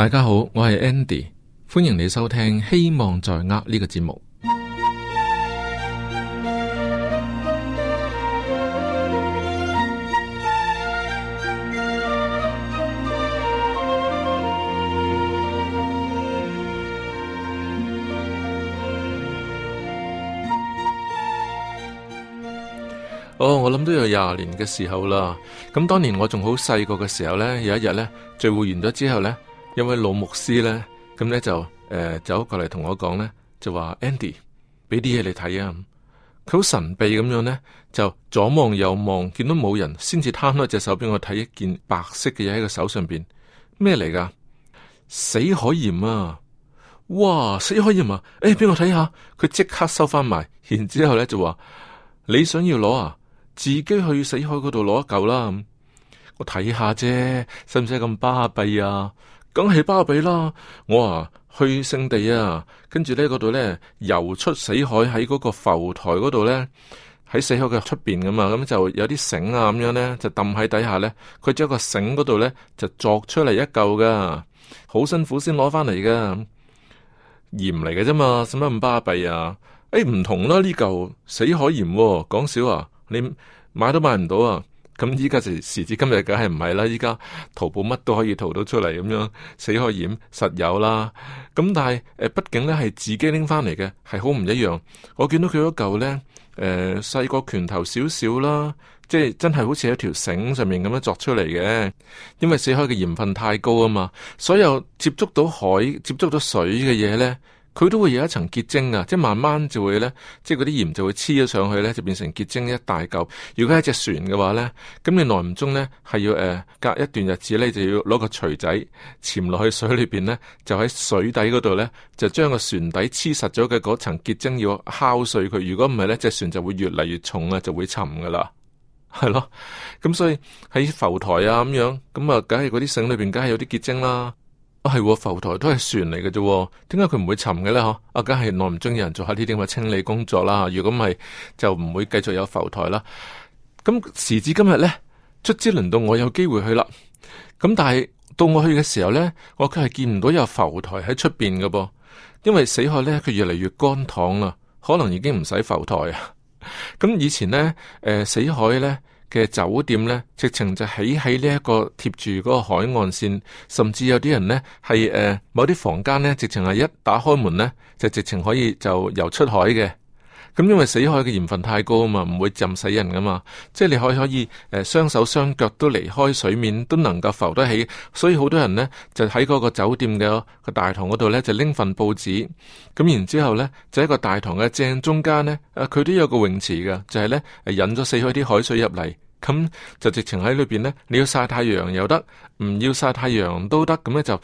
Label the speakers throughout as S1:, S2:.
S1: 大家好，我係 Andy，歡迎你收聽《希望在握》呢個節目。哦，我諗都有廿年嘅時候啦。咁當年我仲好細個嘅時候呢，有一日呢，聚會完咗之後呢。一位老牧師咧，咁咧就誒、呃、走過嚟同我講咧，就話 Andy 俾啲嘢你睇啊，佢好神秘咁樣咧，就左望右望，見到冇人，先至攤開隻手俾我睇一件白色嘅嘢喺個手上邊，咩嚟噶？死海鹽啊！哇，死海鹽啊！誒、欸，俾我睇下，佢即 刻收翻埋，然之後咧就話你想要攞啊，自己去死海嗰度攞一嚿啦，我睇下啫，使唔使咁巴閉啊？梗係巴閉啦，我啊去聖地啊，跟住咧度咧游出死海喺嗰個浮台嗰度咧，喺死海嘅出邊噶嘛，咁就有啲繩啊咁樣咧就抌喺底下咧，佢將個繩嗰度咧就鑿出嚟一嚿噶，好辛苦先攞翻嚟嘅鹽嚟嘅啫嘛，使乜咁巴閉啊？誒、欸、唔同啦，呢嚿死海鹽，啊，講少啊，你買都買唔到啊！咁依家就時至今日，梗係唔係啦！依家淘寶乜都可以淘到出嚟咁樣，死海鹽實有啦。咁但係誒、呃，畢竟咧係自己拎翻嚟嘅，係好唔一樣。我見到佢嗰嚿咧，誒、呃、細過拳頭少少啦，即係真係好似一條繩上面咁樣作出嚟嘅。因為死海嘅鹽分太高啊嘛，所有接觸到海、接觸到水嘅嘢咧，佢都會有一層結晶啊，即係慢慢就會呢，即係嗰啲鹽就會黐咗上去呢，就變成結晶一大嚿。如果係隻船嘅話呢，咁你耐唔中呢，係要誒、呃、隔一段日子呢，就要攞個錘仔潛落去水裏邊呢，就喺水底嗰度呢，就將個船底黐實咗嘅嗰層結晶要敲碎佢。如果唔係呢隻船就會越嚟越重啊，就會沉噶啦，係咯。咁所以喺浮台啊咁樣，咁啊梗係嗰啲繩裏邊梗係有啲結晶啦。我係、哦、浮台都係船嚟嘅啫，點解佢唔會沉嘅咧？嗬，啊，梗係耐唔中有人做下呢啲咁嘅清理工作啦。如果唔係，就唔會繼續有浮台啦。咁、嗯、時至今日咧，卒之輪到我有機會去啦。咁、嗯、但係到我去嘅時候咧，我卻係見唔到有浮台喺出邊嘅噃，因為死海咧，佢越嚟越乾塘啦，可能已經唔使浮台啊。咁、嗯、以前咧，誒、呃、死海咧。嘅酒店咧，直情就起喺呢一個貼住嗰個海岸線，甚至有啲人咧，係誒某啲房間咧，直情係一打開門咧，就直情可以就游出海嘅。咁因為死海嘅鹽分太高啊嘛，唔會浸死人噶嘛，即係你可以可以誒雙手雙腳都離開水面都能夠浮得起，所以好多人呢，就喺嗰個酒店嘅個大堂嗰度呢，就拎份報紙，咁然之後呢，就喺個大堂嘅正中間呢，啊佢都有個泳池嘅，就係呢，誒引咗死海啲海水入嚟，咁就直情喺裏邊呢，你要曬太陽又得，唔要曬太陽都得，咁呢，就。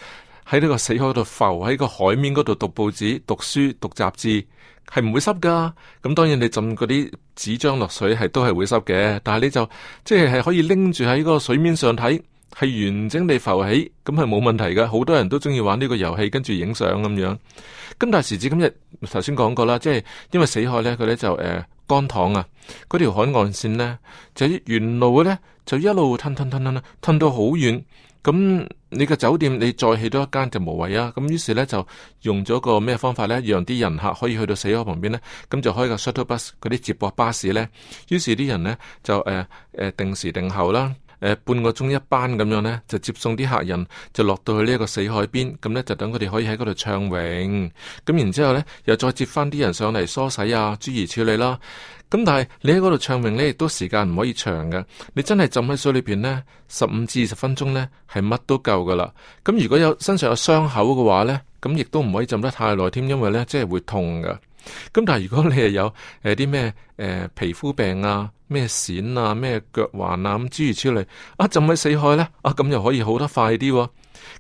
S1: 喺呢個死海度浮喺個海面嗰度讀報紙、讀書、讀雜誌，係唔會濕噶、啊。咁當然你浸嗰啲紙張落水係都係會濕嘅。但係你就即係係可以拎住喺個水面上睇，係完整地浮起，咁係冇問題噶。好多人都中意玩呢個遊戲，跟住影相咁樣。咁但係時至今日，頭先講過啦，即係因為死海咧，佢咧就誒、呃、乾塘啊，嗰條海岸線呢，就沿路咧就一路褪褪褪褪褪到好遠。咁你個酒店你再起多一間就無謂啊！咁於是呢，就用咗個咩方法呢？讓啲人客可以去到死海旁邊呢？咁就開個 shuttle bus 嗰啲接駁巴士呢。於是啲人呢，就誒誒、呃呃、定時定候啦。呃、半個鐘一班咁樣呢，就接送啲客人，就落到去呢一個死海邊，咁呢，就等佢哋可以喺嗰度暢泳。咁然之後呢，又再接翻啲人上嚟梳洗啊、專業處理啦。咁但係你喺嗰度暢泳呢，亦都時間唔可以長嘅。你真係浸喺水裏邊呢，十五至二十分鐘呢，係乜都夠噶啦。咁如果有身上有傷口嘅話呢，咁亦都唔可以浸得太耐添，因為呢，即係會痛噶。咁但係如果你係有誒啲咩誒皮膚病啊？咩癬啊，咩腳環啊，咁諸如此類，啊浸喺死海呢，啊咁又可以好得快啲，哦，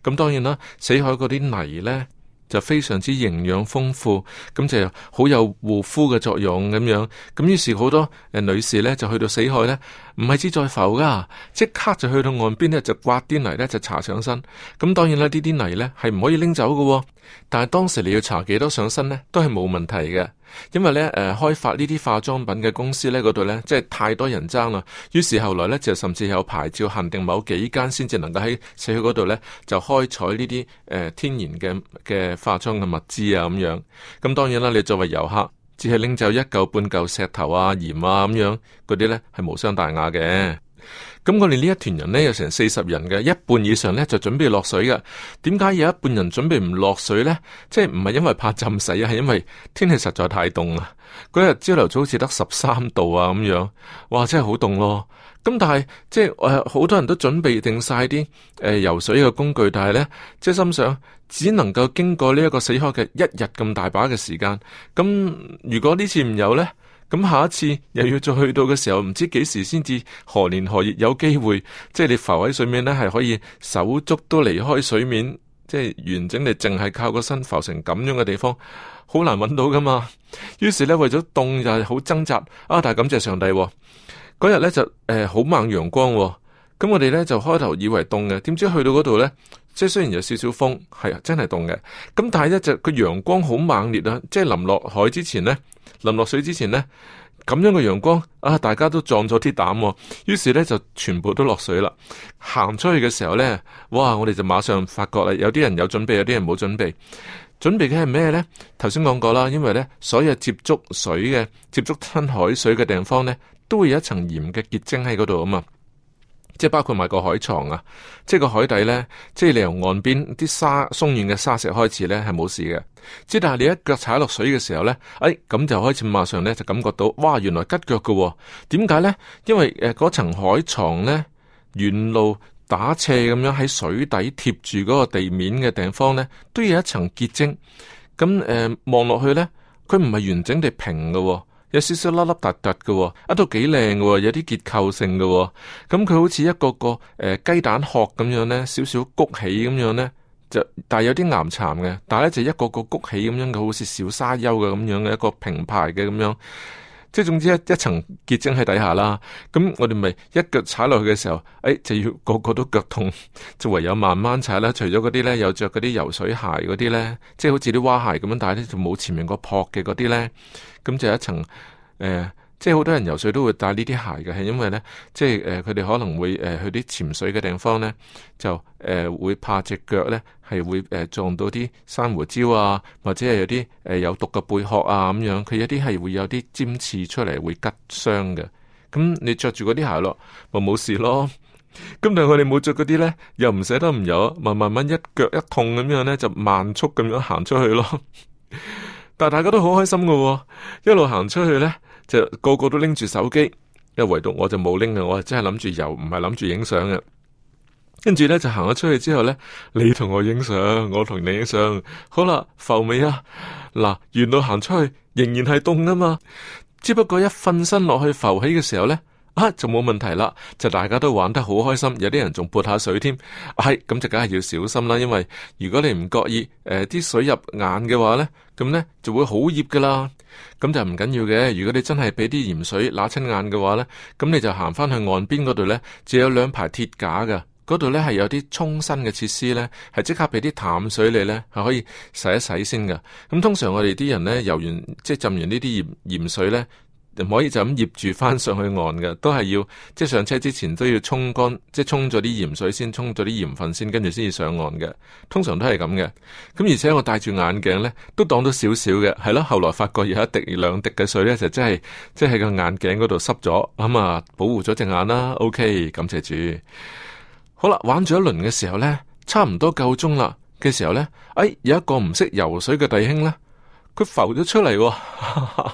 S1: 咁、啊、當然啦，死海嗰啲泥呢，就非常之營養豐富，咁就好有護膚嘅作用咁樣，咁、啊、於是好多誒女士呢，就去到死海呢。唔係志在浮噶，即刻就去到岸邊呢，就刮啲泥呢，就搽上身。咁當然啦，呢啲泥呢係唔可以拎走噶。但係當時你要搽幾多上身呢，都係冇問題嘅。因為呢誒開發呢啲化妝品嘅公司呢嗰度呢，即係太多人爭啦。於是後來呢，就甚至有牌照限定某幾間先至能夠喺社區嗰度呢，就開採呢啲誒天然嘅嘅化妝嘅物資啊咁樣。咁當然啦，你作為遊客，只係拎走一嚿半嚿石頭啊、鹽啊咁樣嗰啲呢係無傷大雅嘅。咁我哋呢一團人呢，有成四十人嘅，一半以上呢就準備落水嘅。點解有一半人準備唔落水呢？即係唔係因為怕浸死啊？係因為天氣實在太凍啦。嗰日朝頭早好似得十三度啊咁樣，哇！真係好凍咯。咁但係即係呃、好多人都準備定晒啲誒游水嘅工具，但係呢，即係心想。只能夠經過呢一個死海嘅一日咁大把嘅時間，咁如果呢次唔有呢，咁下一次又要再去到嘅時候，唔知幾時先至何年何月有機會，即係你浮喺水面呢，係可以手足都離開水面，即係完整地淨係靠個身浮成咁樣嘅地方，好難揾到噶嘛。於是呢，為咗凍就係好掙扎，啊但係感謝上帝、哦，嗰日呢就誒好、呃、猛陽光、哦，咁我哋呢，就開頭以為凍嘅，點知去到嗰度呢。即係雖然有少少風，係真係凍嘅。咁但係一隻個陽光好猛烈啊！即係臨落海之前呢，臨落水之前呢，咁樣嘅陽光啊，大家都壯咗啲膽、哦。於是呢就全部都落水啦。行出去嘅時候呢，哇！我哋就馬上發覺啦，有啲人有準備，有啲人冇準備。準備嘅係咩呢？頭先講過啦，因為呢所有接觸水嘅、接觸親海水嘅地方呢，都會有一層鹽嘅結晶喺嗰度啊嘛。即係包括埋個海床啊！即係個海底咧，即係你由岸邊啲沙鬆軟嘅沙石開始咧，係冇事嘅。即但係你一腳踩落水嘅時候咧，哎咁就開始馬上咧就感覺到，哇！原來拮腳嘅，點解咧？因為誒嗰層海床咧，沿路打斜咁樣喺水底貼住嗰個地面嘅地方咧，都有一層結晶。咁誒望落去咧，佢唔係完整地平嘅喎。有少少粒粒凸凸嘅，一度幾靚嘅，有啲結構性嘅，咁、嗯、佢好似一個個誒雞、呃、蛋殼咁樣呢，少少谷起咁樣呢，就但係有啲岩殘嘅，但係咧就是、一個個谷起咁樣嘅，好似小沙丘嘅咁樣嘅一個平排嘅咁樣。即係總之一層結晶喺底下啦，咁我哋咪一腳踩落去嘅時候，誒、哎、就要個個都腳痛，就唯有慢慢踩啦。除咗嗰啲咧有着嗰啲游水鞋嗰啲咧，即係好似啲蛙鞋咁樣帶咧，就冇前面個撲嘅嗰啲咧，咁就有一層誒、呃，即係好多人游水都會帶呢啲鞋嘅，係因為咧，即係誒佢哋可能會誒、呃、去啲潛水嘅地方咧，就誒、呃、會怕隻腳咧。係會誒、呃、撞到啲珊瑚礁啊，或者係有啲誒、呃、有毒嘅貝殼啊咁樣，佢一啲係會有啲尖刺出嚟會拮傷嘅。咁你着住嗰啲鞋咯，咪冇事咯。咁但係我哋冇着嗰啲咧，又唔捨得唔游，咪慢慢一腳一痛咁樣咧，就慢速咁樣行出去咯。 但係大家都好開心噶，一路行出去咧，就個個都拎住手機，因為唯獨我就冇拎嘅，我真係諗住游，唔係諗住影相嘅。跟住咧，就行咗出去之後咧，你同我影相，我同你影相，好啦，浮未啊？嗱，沿路行出去仍然係凍噶嘛，只不過一瞓身落去浮起嘅時候咧，啊就冇問題啦。就大家都玩得好開心，有啲人仲潑下水添。係、哎、咁就梗係要小心啦，因為如果你唔覺意誒啲、呃、水入眼嘅話咧，咁咧就會好醃噶啦。咁就唔緊要嘅，如果你真係俾啲鹽水乸親眼嘅話咧，咁你就行翻去岸邊嗰度咧，就有兩排鐵架噶。嗰度呢，係有啲沖身嘅設施呢，係即刻俾啲淡水你，呢係可以洗一洗先嘅。咁、嗯、通常我哋啲人呢，游完即係浸完呢啲鹽鹽水呢，唔可以就咁醃住翻上去岸嘅，都係要即係上車之前都要沖乾，即係沖咗啲鹽水先，沖咗啲鹽分先，跟住先至上岸嘅。通常都係咁嘅。咁、嗯、而且我戴住眼鏡呢，都擋到少少嘅，係咯。後來發覺有一滴兩滴嘅水呢，就真係即係個眼鏡嗰度濕咗，咁、嗯、啊保護咗隻眼啦。OK，感謝主。好啦，玩咗一輪嘅時候呢，差唔多夠鐘啦嘅時候呢，哎，有一個唔識游水嘅弟兄呢，佢浮咗出嚟喎，哦，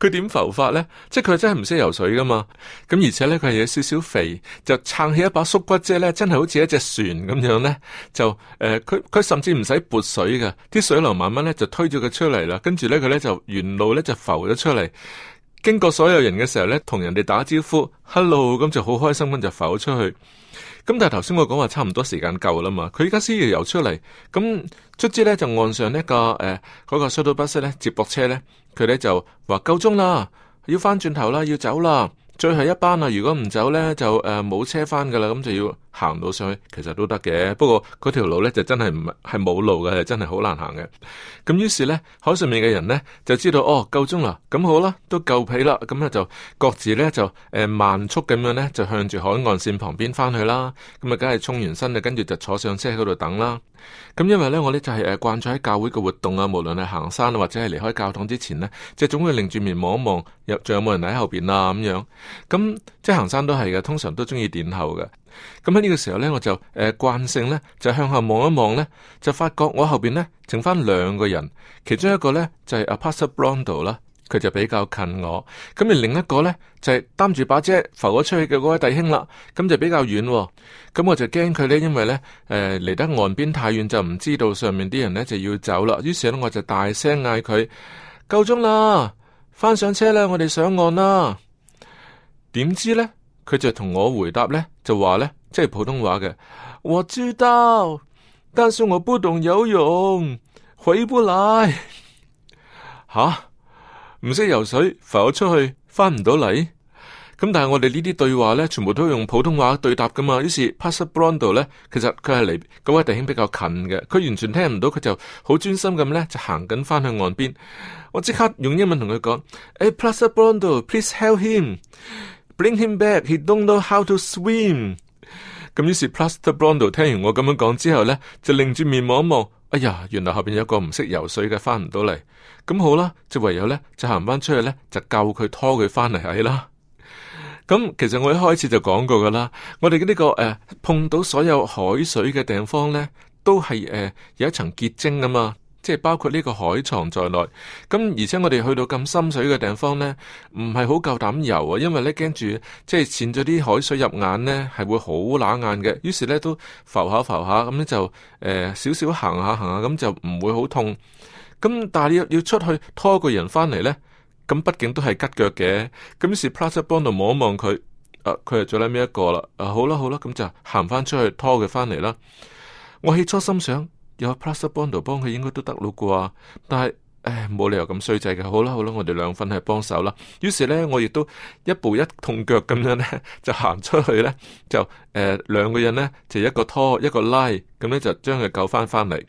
S1: 佢 點浮法呢？即係佢真係唔識游水噶嘛？咁而且呢，佢係有少少肥，就撐起一把縮骨遮呢，真係好似一隻船咁樣呢，就誒，佢、呃、佢甚至唔使撥水嘅，啲水流慢慢呢就推咗佢出嚟啦，跟住呢，佢呢就沿路呢就浮咗出嚟。經過所有人嘅時候呢，同人哋打招呼，Hello，咁就好開心咁就浮出去。咁但係頭先我講話差唔多時間夠啦嘛？佢依家先要游出嚟，咁卒之呢，就岸上、那個呃、那個、呢個誒嗰個 shuttle bus 呢接駁車呢，佢呢就話夠鐘啦，要翻轉頭啦，要走啦，最後一班啦，如果唔走呢，就誒冇、呃、車翻噶啦，咁就要。行到上去其實都得嘅，不過嗰條路咧就真係唔係冇路嘅，真係好難行嘅。咁於是咧，海上面嘅人咧就知道哦夠鐘啦，咁好啦，都夠皮啦，咁、嗯、咧就各自咧就誒、呃、慢速咁樣咧就向住海岸線旁邊翻去啦。咁、嗯、啊，梗係沖完身啊，跟住就坐上車喺度等啦。咁、嗯、因為咧，我咧就係誒慣咗喺教會嘅活動啊，無論係行山或者係離開教堂之前咧，即係總會擰住面望一望，入仲有冇人喺後邊啊咁樣。咁、嗯、即係行山都係嘅，通常都中意點後嘅。咁喺呢個時候呢，我就誒、呃、慣性呢，就向後望一望呢，就發覺我後邊呢剩翻兩個人，其中一個呢就係阿帕斯布朗多啦，佢就比較近我，咁而另一個呢，就係擔住把遮浮咗出去嘅嗰位弟兄啦，咁就比較遠。哦，咁、嗯、我就驚佢呢，因為呢，誒、呃、離得岸邊太遠就唔知道上面啲人呢就要走啦，於是呢，我就大聲嗌佢夠鐘啦，翻上車啦，我哋上岸啦，點知呢？佢就同我回答咧，就話咧，即係普通話嘅，我知道，但是我不懂游泳，回不來吓，唔 識、啊、游水，浮出去，翻唔到嚟。咁、嗯、但係我哋呢啲對話咧，全部都用普通話對答噶嘛。於是 Pastor Brando 咧，其實佢係嚟嗰位弟兄比較近嘅，佢完全聽唔到，佢就好專心咁咧就行緊翻去岸邊。我即刻用英文同佢講：誒、hey, Pastor Brando，please help him。Bring him back. He don't know how to swim。咁於是 Plaster Brondo 聽完我咁樣講之後呢，就擰住面望一望。哎呀，原來後邊有個唔識游水嘅，翻唔到嚟。咁好啦，就唯有呢，就行翻出去呢，就救佢，拖佢翻嚟係啦。咁其實我一開始就講過噶啦，我哋嘅呢個誒、呃、碰到所有海水嘅地方呢，都係誒、呃、有一層結晶噶嘛。即係包括呢個海床在內，咁而且我哋去到咁深水嘅地方呢，唔係好夠膽游啊，因為呢驚住即係濺咗啲海水入眼呢，係會好辣眼嘅。於是呢都浮下浮下，咁呢就誒、呃、少少行下行下，咁就唔會好痛。咁但係你要出去拖個人翻嚟呢，咁畢竟都係吉腳嘅。咁於是 Plus 幫到望一望佢，誒，佢係最屘一個啦、啊。好啦好啦，咁就行翻出去拖佢翻嚟啦。我起初心想。有 plus u 幫到幫佢應該都得咯啩，但係誒冇理由咁衰仔嘅，好啦好啦，我哋兩份係幫手啦。於是咧，我亦都一步一痛腳咁樣咧，就行出去咧，就誒兩個人咧，就一個拖一個拉，咁咧就將佢救翻翻嚟。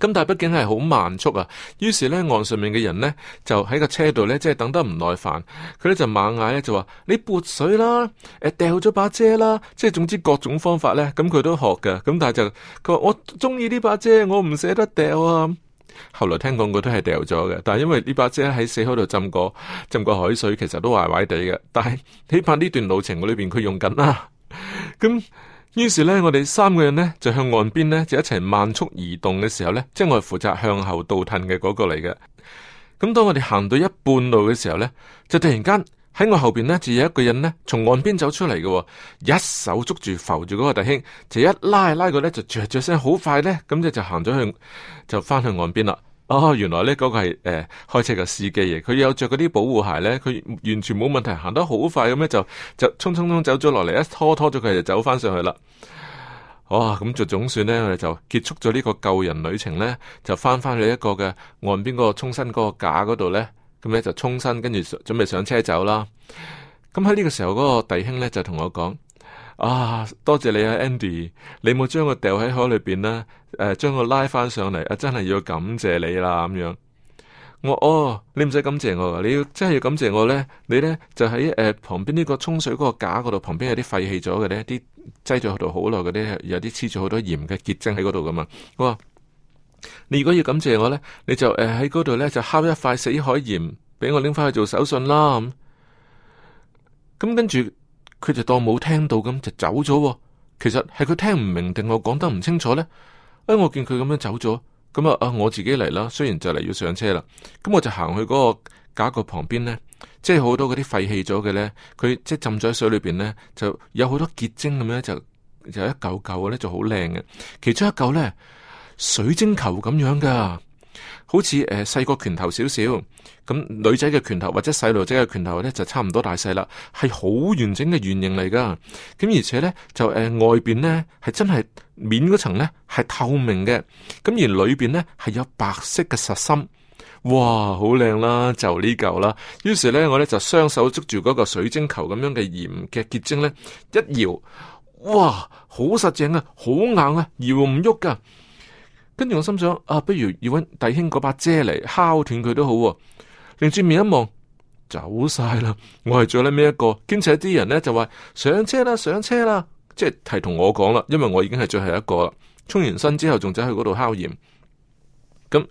S1: 咁但係畢竟係好慢速啊，於是咧岸上面嘅人咧就喺個車度咧即係等得唔耐煩，佢咧就猛嗌咧就話：你撥水啦，誒掉咗把遮啦，即係總之各種方法咧，咁佢都學㗎。咁但係就佢話：我中意呢把遮，我唔捨得掉啊。後來聽講佢都係掉咗嘅，但係因為呢把遮喺死海度浸過，浸過海水其實都壞壞地嘅。但係起碼呢段路程嘅裏邊佢用緊啊，咁。 於是咧，我哋三個人咧就向岸邊咧就一齊慢速移動嘅時候咧，即係我係負責向後倒褪嘅嗰個嚟嘅。咁當我哋行到一半路嘅時候咧，就突然間喺我後邊咧就有一個人咧從岸邊走出嚟嘅，哦，一手捉住浮住嗰個弟兄，就一拉一拉佢咧就著著聲好快咧，咁就就行咗去，就翻去岸邊啦。哦，原來呢嗰、嗰個係誒、呃、開車嘅司機嘅，佢有着嗰啲保護鞋呢，佢完全冇問題行得好快咁呢，就就匆匆匆走咗落嚟，一拖拖咗佢就走翻上去啦。哇、哦，咁、嗯、就總算呢，我哋就結束咗呢個救人旅程呢，就翻翻去一個嘅岸邊個沖身嗰個架嗰度呢。咁呢，就沖身，跟住準備上車走啦。咁喺呢個時候，嗰個弟兄呢，就同我講。啊，多謝你啊，Andy，你冇將我掉喺海裏邊啦，誒、呃，將我拉翻上嚟。啊，真係要感謝你啦，咁樣。我哦，你唔使感謝我噶你要真係要感謝我咧，你咧就喺誒旁邊呢個沖水嗰個架嗰度，旁邊有啲廢棄咗嘅咧，啲積咗喺嗰度好耐，嗰啲有啲黐住好多鹽嘅結晶喺嗰度噶嘛。我話你如果要感謝我咧，你就誒喺嗰度咧就敲一塊死海鹽俾我拎翻去做手信啦。咁、嗯，咁跟住。佢就當冇聽到咁就走咗，哦，其實係佢聽唔明定我講得唔清楚咧？哎，我見佢咁樣走咗，咁啊啊，我自己嚟啦。雖然就嚟要上車啦，咁我就行去嗰個架角旁邊咧，即係好多嗰啲廢棄咗嘅咧，佢即係浸咗喺水裏邊咧，就有好多結晶咁樣就就有一嚿嚿咧就好靚嘅，其中一嚿咧水晶球咁樣噶。好似誒細個拳頭少少，咁女仔嘅拳頭或者細路仔嘅拳頭咧就差唔多大細啦，係好完整嘅圓形嚟噶。咁而且咧就誒、呃、外邊咧係真係面嗰層咧係透明嘅，咁而裏邊咧係有白色嘅實心。哇，好靚啦，就呢嚿啦。於是咧我咧就雙手捉住嗰個水晶球咁樣嘅鹽嘅結晶咧一搖，哇，好實淨啊，好硬啊，搖唔喐噶。跟住我心想，啊，不如要揾弟兄嗰把遮嚟敲斷佢都好，啊。擰轉面一望，走晒啦！我係最叻咩一個，兼且啲人咧就話上車啦，上車啦，即係提同我講啦，因為我已經係最後一個啦。沖完身之後仲走去嗰度敲鹽，咁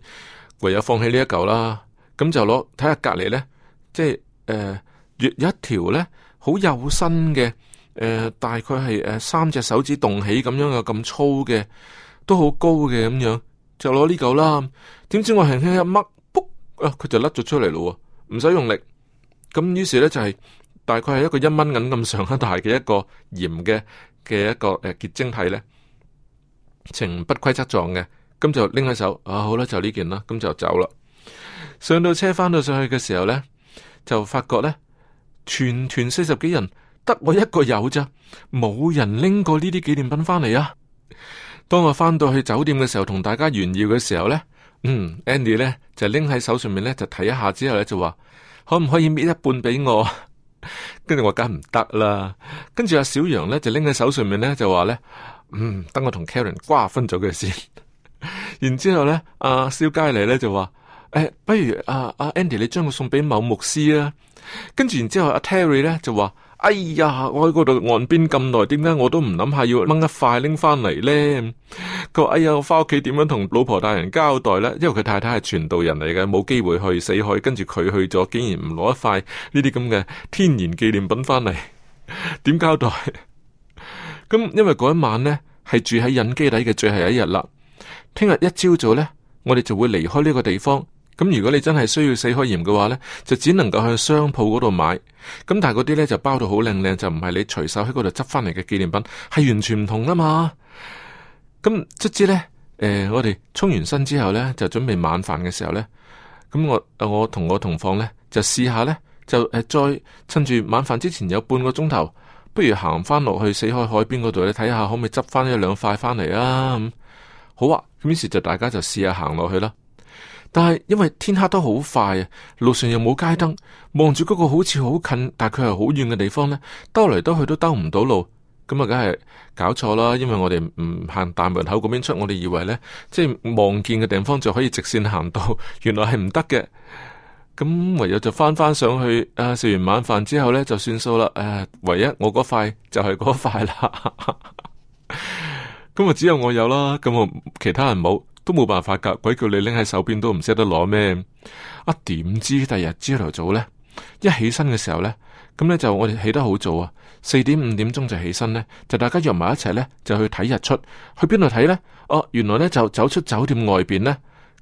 S1: 唯有放棄呢一嚿啦。咁就攞睇下隔籬咧，即係誒、越、呃、一條咧，好幼身嘅，誒、呃，大概係誒、呃、三隻手指動起咁樣嘅咁粗嘅。都好高嘅咁樣，就攞呢嚿啦。點知我輕輕一掹，卜啊，佢就甩咗出嚟咯。唔使用力，咁於是咧就係大概係一個一蚊銀咁上下大嘅一個鹽嘅嘅一個誒結晶體咧，呈不規則狀嘅。咁就拎喺手，啊好啦，就呢件啦，咁就走啦。上到車翻到上去嘅時候咧，就發覺咧，全團四十幾人，得我一個有咋，冇人拎過呢啲紀念品翻嚟啊！當我翻到去酒店嘅時候，同大家炫耀嘅時候咧，嗯，Andy 咧就拎喺手上面咧就睇一下之後咧就話，可唔可以搣一半俾我？跟 住我梗唔得啦。跟住阿小楊咧就拎喺手上面咧就話咧，嗯，等我同 Karen 瓜分咗佢先。 然之後咧，阿、啊、小佳嚟咧就話，誒、哎，不如阿阿、啊、Andy 你將佢送俾某牧師啦。跟住然之後阿、啊、Terry 咧就話。哎呀，我喺嗰度岸邊咁耐，點解我都唔諗下要掹一塊拎翻嚟呢？佢話：哎呀，我翻屋企點樣同老婆大人交代呢？因為佢太太係傳道人嚟嘅，冇機會去死海，跟住佢去咗，竟然唔攞一塊呢啲咁嘅天然紀念品翻嚟，點 交代？咁因為嗰一晚呢係住喺隱基底嘅最後一日啦，聽日一朝早呢，我哋就會離開呢個地方。咁如果你真係需要死海鹽嘅話呢，就只能夠向商鋪嗰度買。咁但係嗰啲呢就包到好靚靚，就唔係你隨手喺嗰度執返嚟嘅紀念品，係完全唔同噶嘛。咁卒之呢，呃、我哋沖完身之後呢，就準備晚飯嘅時候呢，咁我我同我同房呢，就試下呢，就誒再趁住晚飯之前有半個鐘頭，不如行返落去死海海邊嗰度，呢，睇下可唔可以執返一兩塊返嚟啊？咁、嗯、好啊，咁於是就大家就試下行落去啦。但係因為天黑得好快啊，路上又冇街燈，望住嗰個好似好近，但佢係好遠嘅地方呢，兜嚟兜去都兜唔到路，咁啊梗係搞錯啦！因為我哋唔行大門口嗰邊出，我哋以為呢，即係望見嘅地方就可以直綫行到，原來係唔得嘅。咁唯有就翻翻上去，啊，食完晚飯之後呢，就算數啦，啊。唯一我嗰塊就係嗰塊啦，咁 啊只有我有啦，咁啊其他人冇。都冇辦法噶，鬼叫你拎喺手邊都唔識得攞咩？啊點知第日朝頭早呢，一起身嘅時候呢，咁呢就我哋起得好早啊，四點五點鐘就起身呢，就大家約埋一齊呢，就去睇日出。去邊度睇呢？哦、啊，原來呢，就走出酒店外邊呢。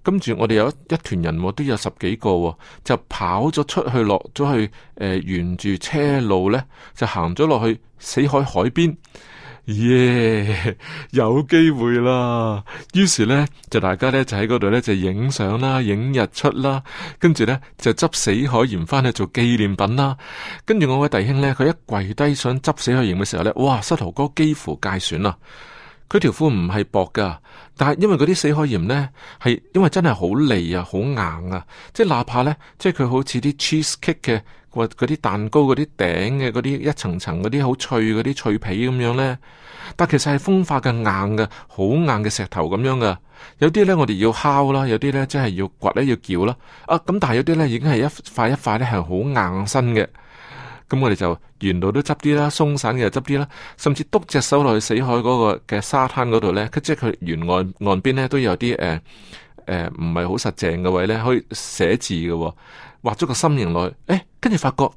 S1: 跟住我哋有一團人，都有十幾個，就跑咗出去，去，落咗去誒、呃，沿住車路呢，就行咗落去死海海邊。耶，yeah, 有機會啦！於是呢，就大家呢，就喺嗰度呢，就影相啦，影日出啦，跟住呢，就執死海鹽返去做紀念品啦。跟住我位弟兄呢，佢一跪低想執死海鹽嘅時候呢，哇！膝頭哥幾乎戒損啦、啊。佢條褲唔係薄㗎，但係因為嗰啲死海鹽呢，係因為真係好利啊，好硬啊，即係哪怕呢，即係佢好似啲 cheesecake 嘅。啲蛋糕嗰啲頂嘅嗰啲一層層嗰啲好脆，嗰啲脆皮咁樣呢。但其實係風化嘅硬嘅，好硬嘅石頭咁樣嘅。有啲呢，我哋要敲啦，有啲呢，即係要掘咧，要撬啦。啊，咁但係有啲呢，已經係一塊一塊咧，係好硬身嘅。咁我哋就沿路都執啲啦，鬆散嘅就執啲啦，甚至篤隻手落去死海嗰個嘅沙灘嗰度呢。即係佢沿岸岸邊呢，都有啲誒。呃誒，唔係好實淨嘅位咧，可以寫字嘅、哦，畫咗個心形落去。誒、欸，跟住發覺，誒、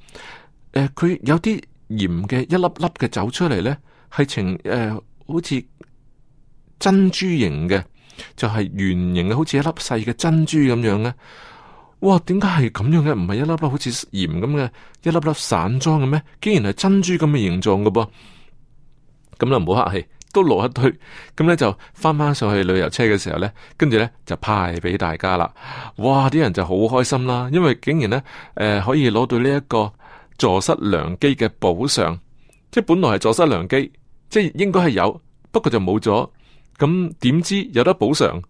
S1: 呃，佢有啲鹽嘅一粒粒嘅走出嚟咧，係呈誒、呃，好似珍珠形嘅，就係、是、圓形嘅，好似一粒細嘅珍珠咁樣嘅。哇，點解係咁樣嘅？唔係一粒粒好似鹽咁嘅，一粒粒散裝嘅咩？竟然係珍珠咁嘅形狀嘅噃。咁就唔好客氣。都落一推，咁咧就翻翻上去旅遊車嘅時候咧，跟住咧就派俾大家啦。哇！啲人就好開心啦，因為竟然咧，誒、呃、可以攞到呢一個坐失良機嘅補償，即係本來係坐失良機，即係應該係有，不過就冇咗。咁點知有得補償？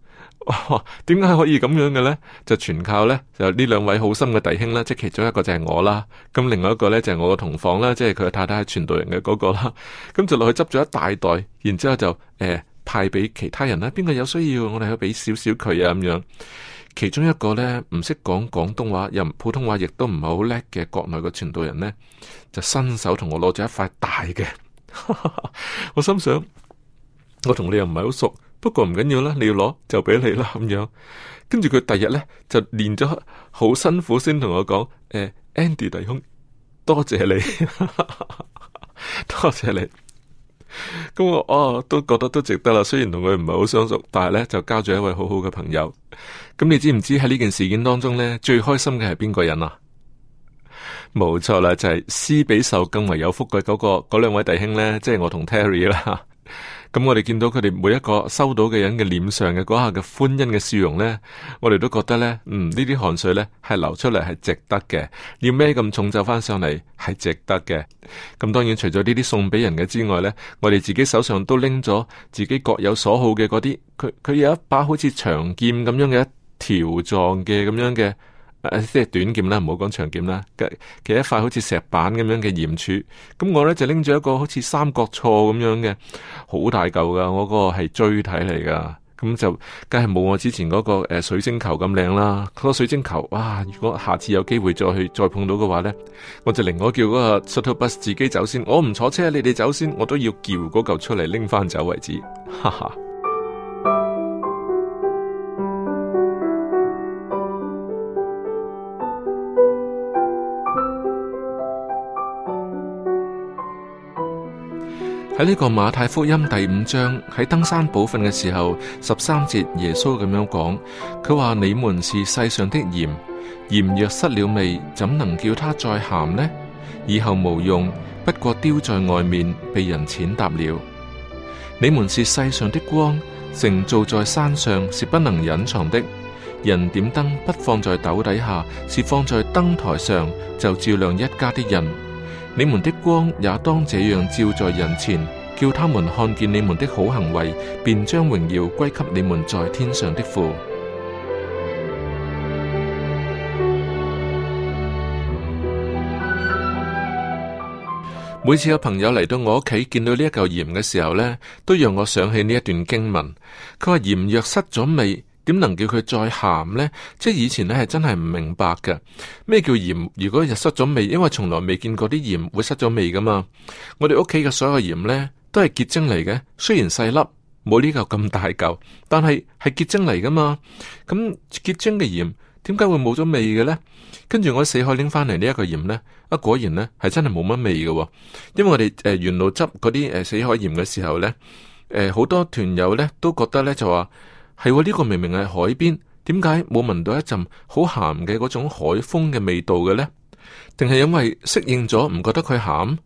S1: 哇！點解、哦、可以咁樣嘅呢？就全靠呢，就呢兩位好心嘅弟兄啦，即係其中一個就係我啦。咁另外一個呢，就係、是、我嘅同房啦，即係佢太太係傳道人嘅嗰個啦。咁就落去執咗一大袋，然之後就誒派俾其他人啦。邊個有需要，我哋去俾少少佢啊咁樣。其中一個呢，唔識講廣東話，又普通話亦都唔係好叻嘅國內嘅傳道人呢，就伸手同我攞咗一塊大嘅。我心想，我同你又唔係好熟。不過唔緊要啦，你要攞就俾你啦咁樣。跟住佢第日呢，就練咗好辛苦，先同我講：誒，Andy 弟兄，多謝你， 多謝你。咁我哦都覺得都值得啦。雖然同佢唔係好相熟，但係呢，就交咗一位好好嘅朋友。咁你知唔知喺呢件事件當中呢，最開心嘅係邊個人啊？冇錯啦，就係施比受更為有福嘅嗰個嗰兩位弟兄呢，即係我同 Terry 啦。 咁、嗯、我哋見到佢哋每一個收到嘅人嘅臉上嘅嗰下嘅歡欣嘅笑容呢，我哋都覺得呢，嗯，呢啲汗水呢係流出嚟係值得嘅，要咩咁重就翻上嚟係值得嘅。咁、嗯、當然除咗呢啲送俾人嘅之外呢，我哋自己手上都拎咗自己各有所好嘅嗰啲，佢佢有一把好似長劍咁樣嘅一條狀嘅咁樣嘅。啊、即係短劍啦，唔好講長劍啦，其實一塊好似石板咁樣嘅岩柱，咁我咧就拎住一個好似三角錯咁樣嘅好大嚿噶，我嗰個係錐體嚟噶，咁就梗係冇我之前嗰、那個誒、呃、水晶球咁靚啦。嗰、那個水晶球，哇、啊！如果下次有機會再去再碰到嘅話咧，我就另我叫嗰個 shuttle bus 自己走先，我唔坐車，你哋走先，我都要叫嗰嚿出嚟拎翻走為止，哈哈。喺呢、這個馬太福音第五章喺登山寶訓嘅時候，十三節耶穌咁樣講：佢話你們是世上的鹽，鹽若失了味，怎能叫它再咸呢？以後無用，不過丟在外面，被人踐踏了。你們是世上的光，城造在山上是不能隱藏的，人點燈不放在斗底下，是放在燈台上，就照亮一家的人。你們的光也當這樣照在人前，叫他們看見你們的好行為，便將榮耀歸給你們在天上的父。每次有朋友嚟到我屋企，見到呢一嚿鹽嘅時候，呢都讓我想起呢一段經文。佢話鹽若失咗味。點能叫佢再鹹呢？即係以前咧係真係唔明白嘅，咩叫鹽？如果日失咗味，因為從來未見過啲鹽會失咗味噶嘛。我哋屋企嘅所有鹽呢，都係結晶嚟嘅，雖然細粒冇呢嚿咁大嚿，但係係結晶嚟噶嘛。咁結晶嘅鹽點解會冇咗味嘅呢？跟住我死海拎翻嚟呢一個鹽呢，啊果然呢係真係冇乜味嘅、啊。因為我哋誒沿路執嗰啲誒死海鹽嘅時候呢，誒、呃、好多團友呢都覺得呢就話。係喎，呢、嗯這個明明係海邊，點解冇聞到一陣好鹹嘅嗰種海風嘅味道嘅咧？定係因為適應咗，唔覺得佢鹹？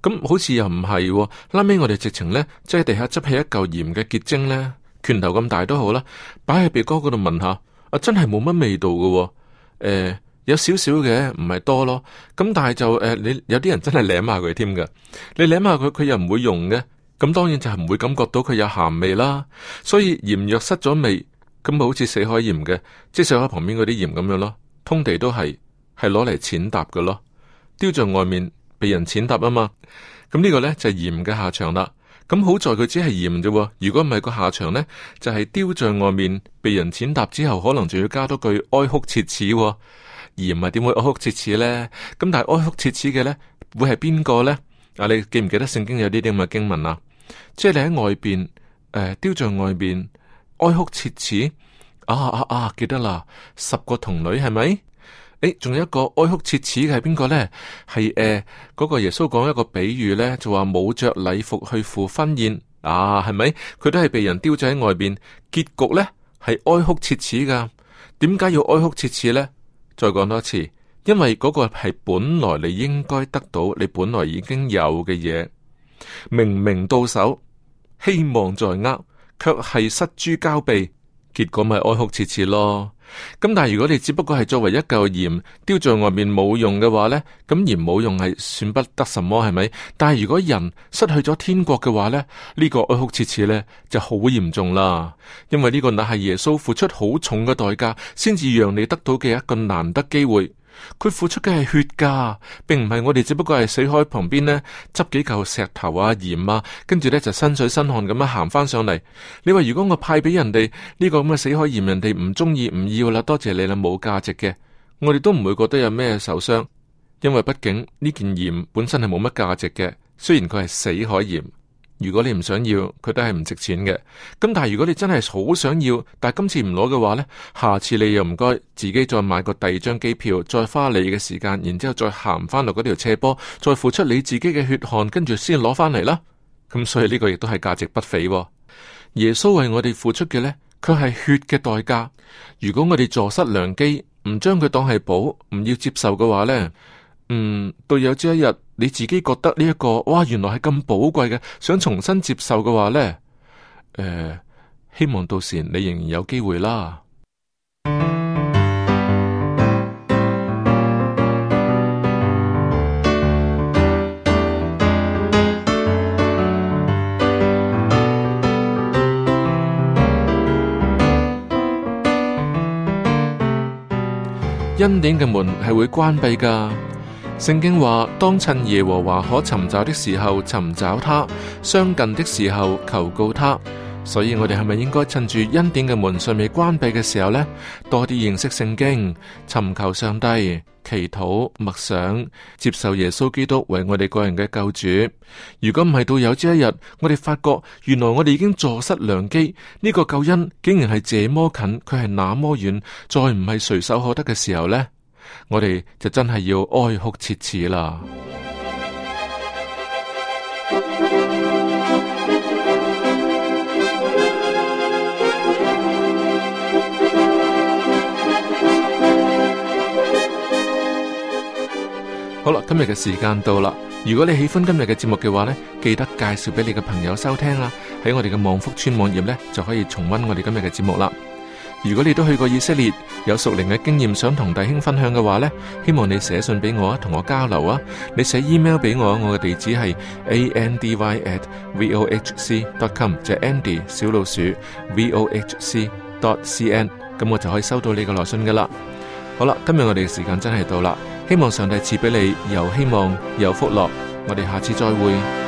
S1: 咁、嗯、好似又唔係、哦。拉尾我哋直情咧，即係地下執起一嚿鹽嘅結晶咧，拳頭咁大都好啦，擺喺鼻哥嗰度聞下。啊，真係冇乜味道嘅、哦。誒、呃，有少少嘅，唔係多咯。咁、嗯、但係就誒、呃，你有啲人真係舐下佢添噶。你舐下佢，佢又唔會溶嘅。咁當然就係唔會感覺到佢有鹹味啦，所以鹽若失咗味，咁咪好似死海鹽嘅，即係死海旁邊嗰啲鹽咁樣咯。通地都係係攞嚟踐踏嘅咯，丟在外面被人踐踏啊嘛。咁呢個咧就係、是、鹽嘅下場啦。咁好在佢只係鹽啫喎，如果唔係個下場咧，就係、是、丟在外面被人踐踏之後，可能仲要加多句哀哭切齒、啊。鹽唔係點會哀哭切齒咧？咁但係哀哭切齒嘅咧，會係邊個咧？啊，你記唔記得聖經有呢啲咁嘅經文啊？即係你喺外邊，誒，丟在外邊，呃，哀哭切齒啊啊啊！記得啦，十個童女係咪？誒，仲有一個哀哭切齒嘅係邊個呢？係誒，嗰，呃，嗰個耶穌講一個比喻呢，就話冇着禮服去赴婚宴啊，係咪？佢都係被人丟咗喺外邊，結局呢，係哀哭切齒噶。點解要哀哭切齒呢？再講多次，因為嗰個係本來你應該得到，你本來已經有嘅嘢。明明到手，希望在握，卻係失諸交臂，結果咪哀哭切切咯。咁但係如果你只不過係作為一嚿鹽丟在外面冇用嘅話呢，咁鹽冇用係算不得什麼係咪？但係如果人失去咗天國嘅話呢，呢個哀哭切切呢，就好嚴重啦。因為呢個乃係耶穌付出好重嘅代價，先至讓你得到嘅一個難得機會。佢付出嘅係血嘅，並唔係我哋，只不過係死海旁邊呢，執幾嚿石頭啊、鹽啊，跟住呢就身水身汗咁樣行翻上嚟。你話如果我派俾人哋呢，呢個咁嘅死海鹽，人哋唔中意唔要啦，多謝你啦，冇價值嘅。我哋都唔會覺得有咩受傷，因為畢竟呢件鹽本身係冇乜價值嘅，雖然佢係死海鹽。如果你唔想要，佢都係唔值錢嘅。咁但係如果你真係好想要，但係今次唔攞嘅話呢下次你又唔該自己再買個第二張機票，再花你嘅時間，然之後再行翻落嗰條斜坡，再付出你自己嘅血汗，跟住先攞翻嚟啦。咁所以呢個亦都係價值不菲啊。耶穌為我哋付出嘅呢，佢係血嘅代價。如果我哋坐失良機，唔將佢當係寶，唔要接受嘅話呢嗯，到有朝一日。你自己覺得呢、這、一個哇，原來係咁寶貴嘅，想重新接受嘅話呢，誒、呃，希望到時你仍然有機會啦。恩 典嘅門係會關閉噶。聖經話：當趁耶和華可尋找的時候尋找他，相近的時候求告他。所以我哋係咪應該趁住恩典嘅門尚未關閉嘅時候咧，多啲認識聖經，尋求上帝，祈禱、默想，接受耶穌基督為我哋個人嘅救主。如果唔係到有朝一日，我哋發覺原來我哋已經坐失良機，呢個救恩竟然係這麼近，佢係那麼遠，再唔係隨手可得嘅時候呢。我哋就真係要哀哭切齒啦！好啦，今日嘅時間到啦。如果你喜歡今日嘅節目嘅話呢，記得介紹俾你嘅朋友收聽啦。喺我哋嘅望福村網頁呢，就可以重溫我哋今日嘅節目啦。如果你都去過以色列，有屬靈嘅經驗，想同弟兄分享嘅話呢，希望你寫信俾我啊，同我交流啊。你寫 email 俾我，我嘅地址係 a n d y at v o h c dot com，就 Andy 小老鼠 v o h c dot c n，咁我就可以收到你嘅來信噶啦。好啦，今日我哋嘅時間真係到啦，希望上帝賜俾你又希望，又福樂。我哋下次再會。